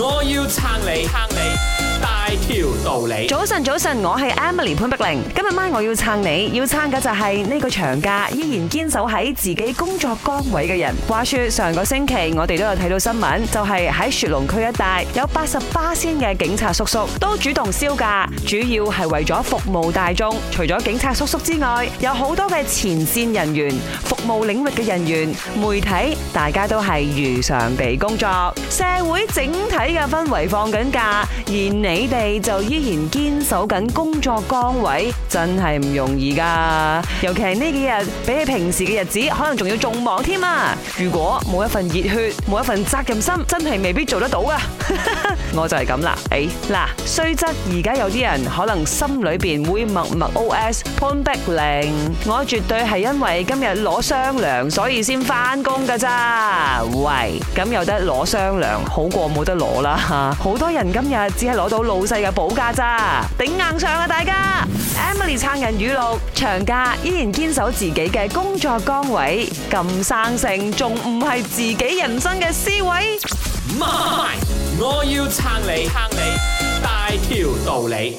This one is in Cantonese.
我要撐你撐你大條道理。早晨早晨，我係 Emily 潘碧玲。今日晚我要撐你，要撐嘅就係呢個長假依然堅守喺自己工作崗位嘅人。話說上個星期，我哋都有睇到新聞，就係喺雪龍區一帶有八十八仙嘅警察叔叔都主動銷假，主要係為咗服務大眾。除咗警察叔叔之外，有好多嘅前線人員、服務領域嘅人員、媒體，大家都係如常地工作。社會整體。呢、這個氛圍放緊假，而你哋就依然堅守緊工作崗位，真係唔容易噶。尤其係呢幾日，比起平時嘅日子，可能仲要仲忙添啊！如果冇一份熱血，冇一份責任心，真係未必做得到啊！我就係咁啦。誒，嗱，雖則而家有啲人可能心裏邊會默默 OS：潘碧玲，我絕對係因為今日攞雙糧，所以先翻工噶咋？喂，咁有得攞雙糧，好過冇得攞。啦吓，好多人今日只係攞到老細嘅保價咋，頂硬上啊！大家，Emily 撐人語錄，長假依然堅守自己嘅工作崗位成，咁生性仲唔係自己人生嘅思維？媽咪，我要撐你，撐你，大條道理。